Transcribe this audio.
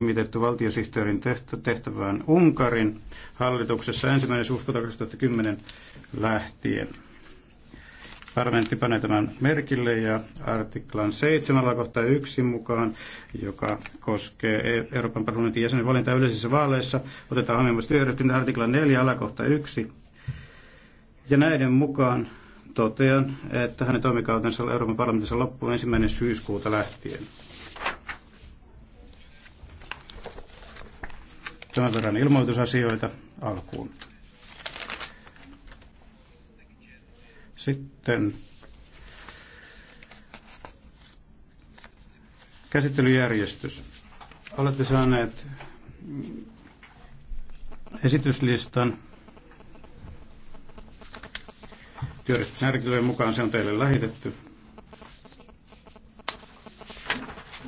nimitetty valtiosihteerin tehtävään Unkarin hallituksessa ensimmäinen syyskuuta 2010 lähtien. Parlamentti panee tämän merkille ja artiklan 7 kohta 1 mukaan, joka koskee e- Euroopan parlamentin jäsenen valintaa yleisissä vaaleissa, otetaan huomioon työjärjestyksen artiklan 4 alakohta 1. Ja näiden mukaan totean, että hänen toimikautensa Euroopan parlamentissa loppuu ensimmäinen syyskuuta lähtien. Tämän verran ilmoitusasioita alkuun. Sitten käsittelyjärjestys. Olette saaneet esityslistan. Työjärjestysmerkityjen mukaan se on teille lähetetty.